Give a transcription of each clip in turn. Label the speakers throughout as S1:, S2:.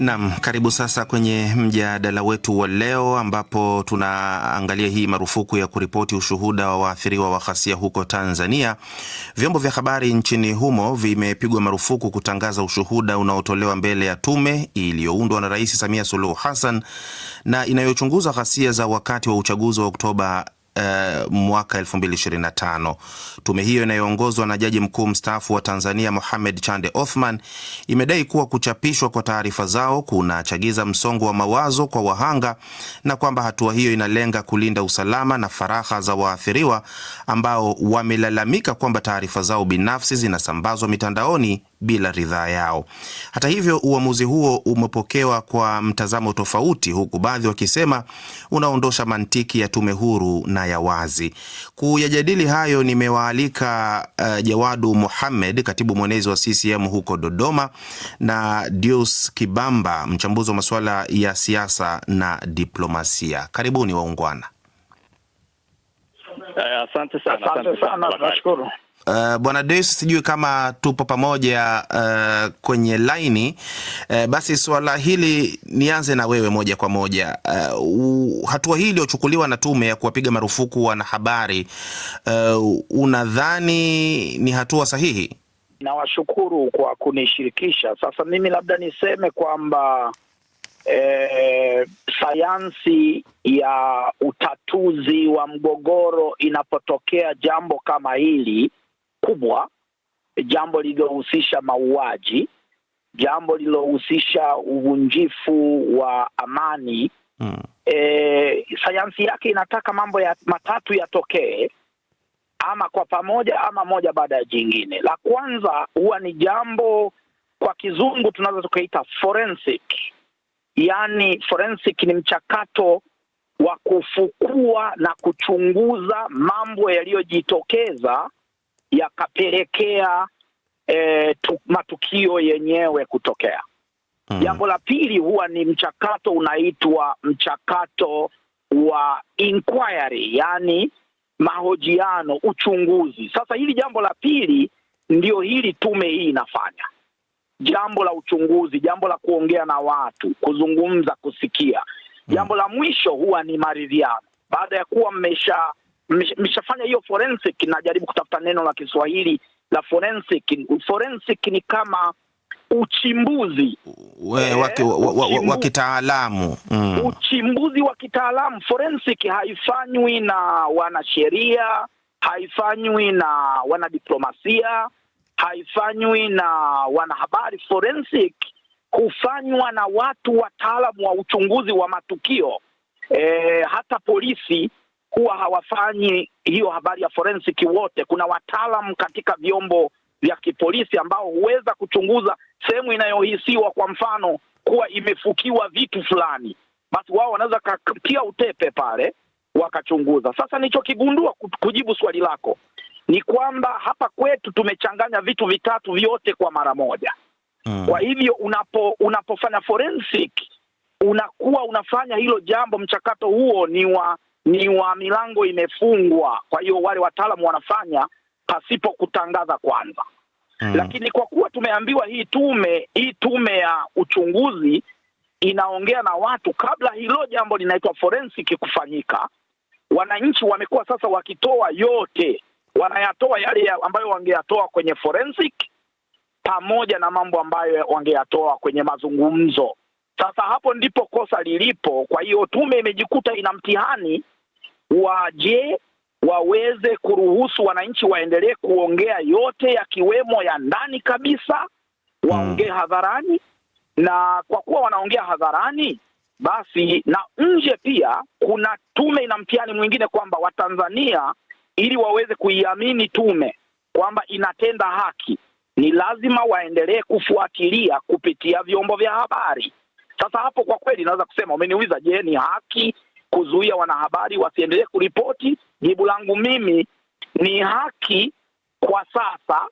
S1: nam karibu sasa kwenye mjadala wetu wa leo ambapo tunaangalia hii marufuku ya kuripoti ushuhuda wa waathiriwa wa ghasia huko Tanzania. Vyombo vya habari nchini humo vimepigwa marufuku kutangaza ushuhuda unaotolewa mbele ya tume iliyoundwa na Rais Samia Suluhu Hassan na inayochunguza ghasia za wakati wa uchaguzi wa Oktoba Eh, mwaka 2025. Tume hiyo inayoongozwa na jaji mkuu mstaafu wa Tanzania Mohamed Chande Othman imedai kuwa kuchapishwa kwa taarifa zao kunachagiza msongo wa mawazo kwa wahanga na kwamba hatua hiyo inalenga kulinda usalama na faragha za waathiriwa ambao wamelalamika kwamba taarifa zao binafsi zinasambazwa mitandaoni bila ridhaa yao. Hata hivyo, uamuzi huo umepokewa kwa mtazamo tofauti, huku baadhi wakisema unaondosha mantiki ya tume huru na ya wazi. Kuyajadili hayo, nimewaalika uh, Jawadu muhamed katibu mwenezi wa CCM huko Dodoma, na dius Kibamba, mchambuzi wa masuala ya siasa na diplomasia. Karibuni waungwana.
S2: Eh, asante sana,
S3: asante sana, nashukuru.
S1: Uh, Bwana Deus sijui kama tupo pamoja uh, kwenye laini uh, basi swala hili nianze na wewe moja kwa moja uh, hatua hii iliyochukuliwa na tume ya kuwapiga marufuku wanahabari uh, unadhani ni hatua sahihi?
S3: Nawashukuru kwa kunishirikisha. Sasa mimi labda niseme kwamba eh, sayansi ya utatuzi wa mgogoro inapotokea jambo kama hili kubwa, jambo lililohusisha mauaji, jambo lililohusisha uvunjifu wa amani mm. E, sayansi yake inataka mambo ya matatu yatokee ama kwa pamoja ama moja baada ya jingine. La kwanza huwa ni jambo kwa kizungu tunaweza tukaita forensic, yani forensic ni mchakato wa kufukua na kuchunguza mambo yaliyojitokeza yakapelekea e, matukio yenyewe kutokea. Hmm. Jambo mm. la pili huwa ni mchakato unaitwa mchakato wa inquiry, yaani mahojiano, uchunguzi. Sasa hili jambo la pili ndio hili tume hii inafanya, jambo la uchunguzi, jambo la kuongea na watu, kuzungumza, kusikia. Hmm. Jambo la mwisho huwa ni maridhiano, baada ya kuwa mmesha mshafanya hiyo forensic. Najaribu kutafuta neno la Kiswahili la forensic. Forensic ni kama uchimbuzi
S1: eh, wa kitaalamu
S3: mm. Uchimbuzi wa kitaalamu. Forensic haifanywi na wanasheria, haifanywi na wanadiplomasia, haifanywi na wanahabari. Forensic hufanywa na watu wataalamu wa uchunguzi wa matukio. eh, hata polisi kuwa hawafanyi hiyo habari ya forensic wote. Kuna wataalam katika vyombo vya kipolisi ambao huweza kuchunguza sehemu inayohisiwa kwa mfano kuwa imefukiwa vitu fulani, basi wao wanaweza kakia utepe pale wakachunguza. Sasa nilichokigundua, kujibu swali lako, ni kwamba hapa kwetu tumechanganya vitu vitatu vyote kwa mara moja. Mm. Kwa hivyo unapo unapofanya forensic unakuwa unafanya hilo jambo, mchakato huo ni wa ni wa milango imefungwa, kwa hiyo wale wataalamu wanafanya pasipo kutangaza kwanza. Hmm. Lakini kwa kuwa tumeambiwa hii tume hii tume ya uchunguzi inaongea na watu kabla hilo jambo linaitwa forensic kufanyika, wananchi wamekuwa sasa wakitoa yote, wanayatoa yale ambayo wangeyatoa kwenye forensic pamoja na mambo ambayo wangeyatoa kwenye mazungumzo. Sasa hapo ndipo kosa lilipo. Kwa hiyo tume imejikuta ina mtihani waje waweze kuruhusu wananchi waendelee kuongea yote yakiwemo ya ndani kabisa, hmm. waongee hadharani, na kwa kuwa wanaongea hadharani basi na nje pia kuna tume ina mtihani mwingine kwamba Watanzania ili waweze kuiamini tume kwamba inatenda haki, ni lazima waendelee kufuatilia kupitia vyombo vya habari. Sasa hapo kwa kweli naweza kusema, umeniuliza, je, ni haki kuzuia wanahabari wasiendelee kuripoti. Jibu langu mimi ni haki kwa sasa,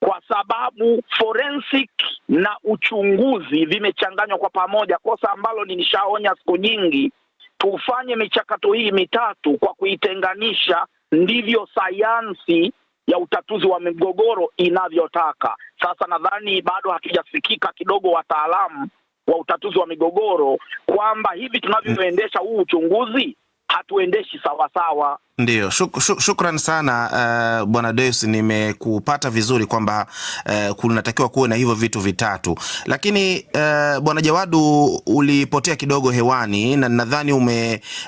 S3: kwa sababu forensic na uchunguzi vimechanganywa kwa pamoja, kosa ambalo nilishaonya siku nyingi. Tufanye michakato hii mitatu kwa kuitenganisha, ndivyo sayansi ya utatuzi wa migogoro inavyotaka. Sasa nadhani bado hatujafikika kidogo wataalamu wa utatuzi wa migogoro kwamba hivi tunavyoendesha huu uchunguzi hatuendeshi sawasawa
S1: ndio shuk, shuk, shukran sana uh, bwana Deus, nimekupata vizuri kwamba uh, kunatakiwa kuwe na hivyo vitu vitatu, lakini uh, bwana Jawadu ulipotea kidogo hewani na nadhani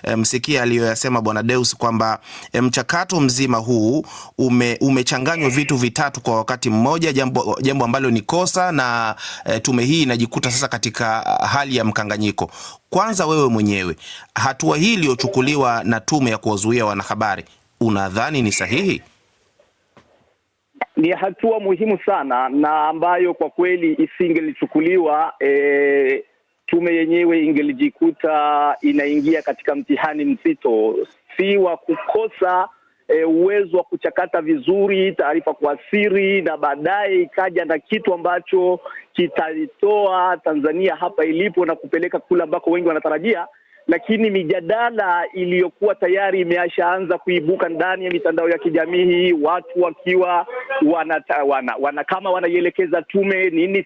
S1: umemsikia um, aliyoyasema bwana Deus kwamba mchakato um, mzima huu ume, umechanganywa vitu vitatu kwa wakati mmoja, jambo, jambo ambalo ni kosa na uh, tume hii inajikuta sasa katika hali ya mkanganyiko. Kwanza wewe mwenyewe, hatua hii iliyochukuliwa na tume ya kuwazuia wanahabari habari, unadhani ni sahihi?
S2: Ni hatua muhimu sana na ambayo kwa kweli isingelichukuliwa e, tume yenyewe ingelijikuta inaingia katika mtihani mzito, si wa kukosa e, uwezo wa kuchakata vizuri taarifa kwa siri na baadaye ikaja na kitu ambacho kitaitoa Tanzania hapa ilipo na kupeleka kule ambako wengi wanatarajia lakini mijadala iliyokuwa tayari imeshaanza kuibuka ndani ya mitandao ya kijamii hii, watu wakiwa wana, wana, wana kama wanaielekeza tume nini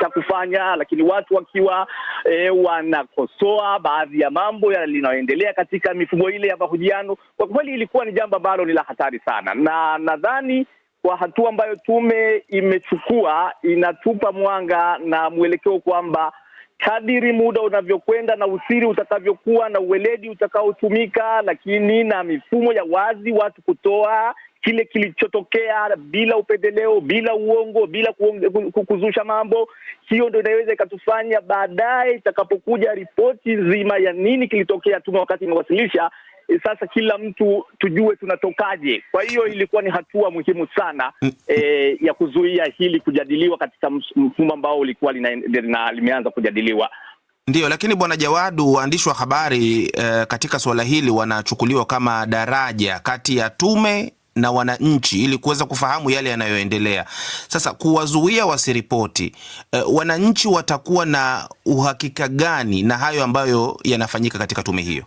S2: cha kufanya, lakini watu wakiwa e, wanakosoa baadhi ya mambo yanayoendelea katika mifumo ile ya mahojiano. Kwa kweli ilikuwa ni jambo ambalo ni la hatari sana, na nadhani kwa hatua ambayo tume imechukua inatupa mwanga na mwelekeo kwamba kadiri muda unavyokwenda na usiri utakavyokuwa na uweledi utakaotumika, lakini na mifumo ya wazi, watu kutoa kile kilichotokea bila upendeleo, bila uongo, bila kuzusha mambo. Hiyo ndo inaweza ikatufanya baadaye, itakapokuja ripoti nzima ya nini kilitokea, tume wakati imewasilisha, Eh, sasa kila mtu tujue tunatokaje. Kwa hiyo ilikuwa ni hatua muhimu sana e, ya kuzuia hili kujadiliwa katika mfumo ambao ulikuwa limeanza kujadiliwa.
S1: Ndiyo, lakini bwana Jawadu, waandishi wa habari e, katika suala hili wanachukuliwa kama daraja kati ya tume na wananchi ili kuweza kufahamu yale yanayoendelea. Sasa kuwazuia wasiripoti, e, wananchi watakuwa na uhakika gani na hayo ambayo yanafanyika katika tume hiyo?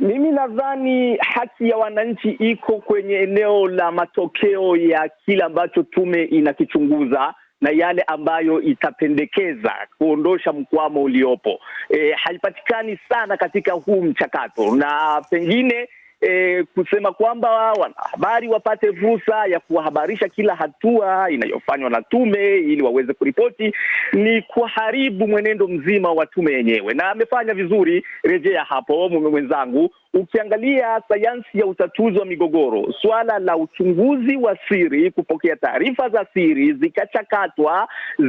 S3: Mimi nadhani haki ya wananchi iko kwenye eneo la matokeo ya kile ambacho tume inakichunguza na yale ambayo itapendekeza kuondosha mkwamo uliopo. E, haipatikani sana katika huu mchakato, na pengine e, kusema kwamba wanahabari wapate fursa ya kuwahabarisha kila hatua inayofanywa na tume ili waweze kuripoti, ni kuharibu mwenendo mzima wa tume yenyewe, na amefanya vizuri. Rejea hapo mume mwenzangu, ukiangalia sayansi ya utatuzi wa migogoro, suala la uchunguzi wa siri, kupokea taarifa za siri zikachakatwa,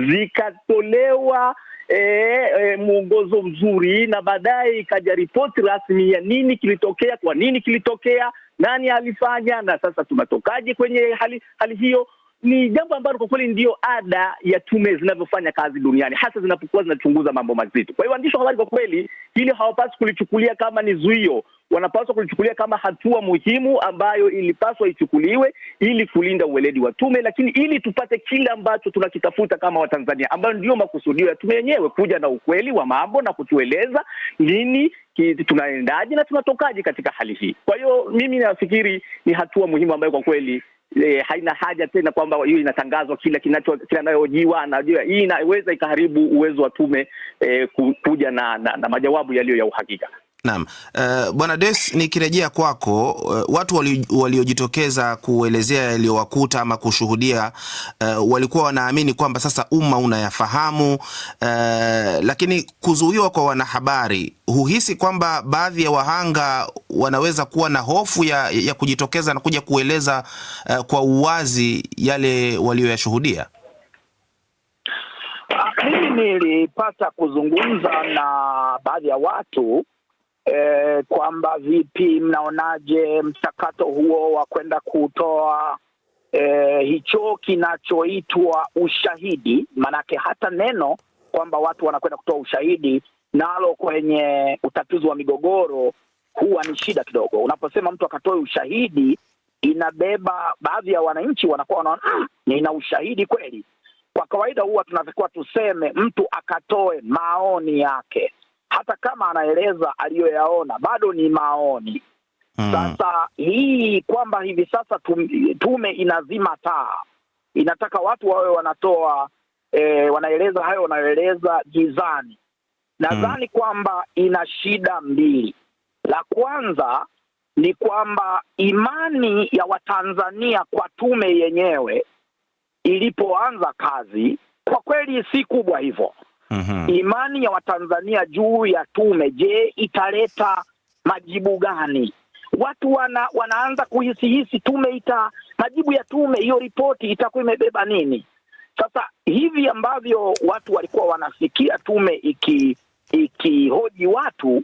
S3: zikatolewa e, e, mwongozo mzuri, na baadaye ikaja ripoti rasmi ya nini kilitokea, kwa nini kilitokea, nani alifanya, na sasa tunatokaje kwenye hali, hali hiyo ni jambo ambalo kwa kweli ndiyo ada ya tume zinavyofanya kazi duniani, hasa zinapokuwa zinachunguza mambo mazito. Kwa hiyo waandishi wa habari kwa kweli hili hawapaswi kulichukulia kama ni zuio, wanapaswa kulichukulia kama hatua muhimu ambayo ilipaswa ichukuliwe ili kulinda uweledi wa tume, lakini ili tupate kile ambacho tunakitafuta kama Watanzania, ambayo ndiyo makusudio ya tume yenyewe, kuja na ukweli wa mambo na kutueleza nini tunaendaje na tunatokaje katika hali hii. Kwa hiyo mimi nafikiri ni hatua muhimu ambayo kwa kweli eh, haina haja tena kwamba hiyo inatangazwa kila kinacho kila Hii inaweza ikaharibu uwezo wa tume eh, kuja na, na, na majawabu yaliyo ya uhakika.
S1: Naam. Uh, Bwana Des, nikirejea kwako, uh, watu waliojitokeza wali kuelezea yaliyowakuta ama kushuhudia uh, walikuwa wanaamini kwamba sasa umma unayafahamu uh, lakini kuzuiwa kwa wanahabari, huhisi kwamba baadhi ya wahanga wanaweza kuwa na hofu ya, ya kujitokeza na kuja kueleza uh, kwa uwazi yale walioyashuhudia?
S3: Ah, hili nilipata kuzungumza na baadhi ya watu eh, kwamba vipi, mnaonaje mchakato huo wa kwenda kutoa eh, hicho kinachoitwa ushahidi? Maanake hata neno kwamba watu wanakwenda kutoa ushahidi nalo kwenye utatuzi wa migogoro huwa ni shida kidogo. Unaposema mtu akatoe ushahidi, inabeba baadhi ya wananchi wanakuwa wanaona mm, nina ushahidi kweli. Kwa kawaida huwa tunatakiwa tuseme mtu akatoe maoni yake, hata kama anaeleza aliyoyaona bado ni maoni. Mm. Sasa hii kwamba hivi sasa tume inazima taa, inataka watu wawe wanatoa e, wanaeleza hayo wanayoeleza gizani, mm. nadhani mm, kwamba ina shida mbili. La kwanza ni kwamba imani ya Watanzania kwa tume yenyewe ilipoanza kazi kwa kweli si kubwa hivyo. mm -hmm. Imani ya Watanzania juu ya tume, je, italeta majibu gani? Watu wana, wanaanza kuhisihisi tume ita majibu ya tume hiyo, ripoti itakuwa imebeba nini? Sasa hivi ambavyo watu walikuwa wanasikia tume iki ikihoji watu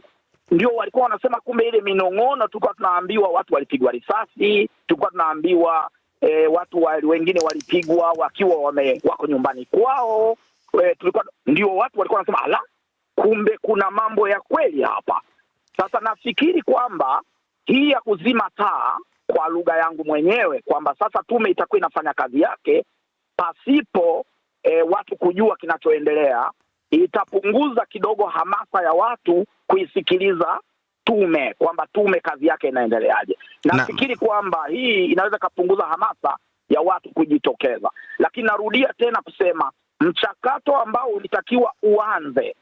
S3: ndio walikuwa wanasema, kumbe ile minong'ono tulikuwa tunaambiwa watu walipigwa risasi, tulikuwa tunaambiwa e, watu wa, wengine walipigwa wakiwa wame, wako nyumbani kwao e, tulikuwa ndio watu walikuwa wanasema ala, kumbe kuna mambo ya kweli hapa. Sasa nafikiri kwamba hii ya kuzima taa kwa lugha yangu mwenyewe kwamba sasa tume itakuwa inafanya kazi yake pasipo e, watu kujua kinachoendelea itapunguza kidogo hamasa ya watu kuisikiliza tume kwamba tume kazi yake inaendeleaje. Nafikiri na kwamba hii inaweza ikapunguza hamasa ya watu kujitokeza, lakini narudia tena kusema mchakato ambao ulitakiwa uanze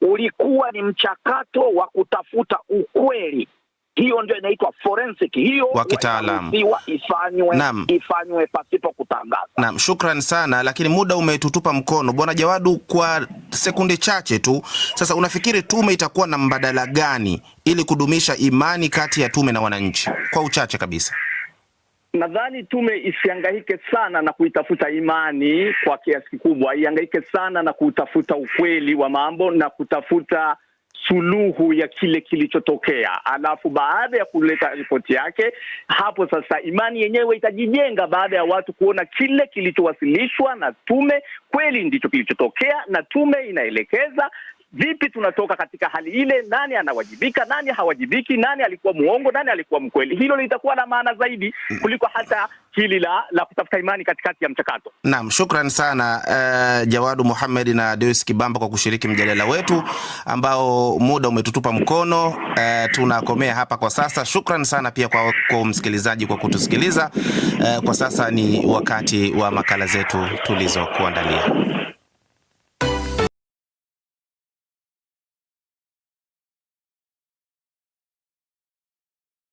S3: ulikuwa ni mchakato wa kutafuta ukweli hiyo ndio inaitwa forensic, hiyo
S1: wa kitaalamu
S3: ifanywe, ifanywe pasipo kutangaza.
S1: Naam, shukrani sana, lakini muda umetutupa mkono, Bwana Jawadu, kwa sekunde chache tu. Sasa unafikiri tume itakuwa na mbadala gani ili kudumisha imani kati ya tume na wananchi? Kwa uchache kabisa,
S2: nadhani tume isiangaike sana na kuitafuta imani kwa kiasi kikubwa, iangaike sana na kutafuta ukweli wa mambo na kutafuta suluhu ya kile kilichotokea, alafu baada ya kuleta ripoti yake, hapo sasa imani yenyewe itajijenga baada ya watu kuona kile kilichowasilishwa na tume kweli ndicho kilichotokea, na tume inaelekeza vipi tunatoka katika hali ile? Nani anawajibika, nani hawajibiki, nani alikuwa muongo, nani alikuwa mkweli? Hilo litakuwa la maana zaidi kuliko hata hili la, la kutafuta imani katikati ya mchakato.
S1: Naam, shukran sana uh, Jawadu Muhammad na Deus Kibamba kwa kushiriki mjadala wetu ambao muda umetutupa mkono. Uh, tunakomea hapa kwa sasa. Shukran sana pia kwa, kwa msikilizaji kwa kutusikiliza. Uh, kwa sasa ni wakati wa makala zetu tulizokuandalia.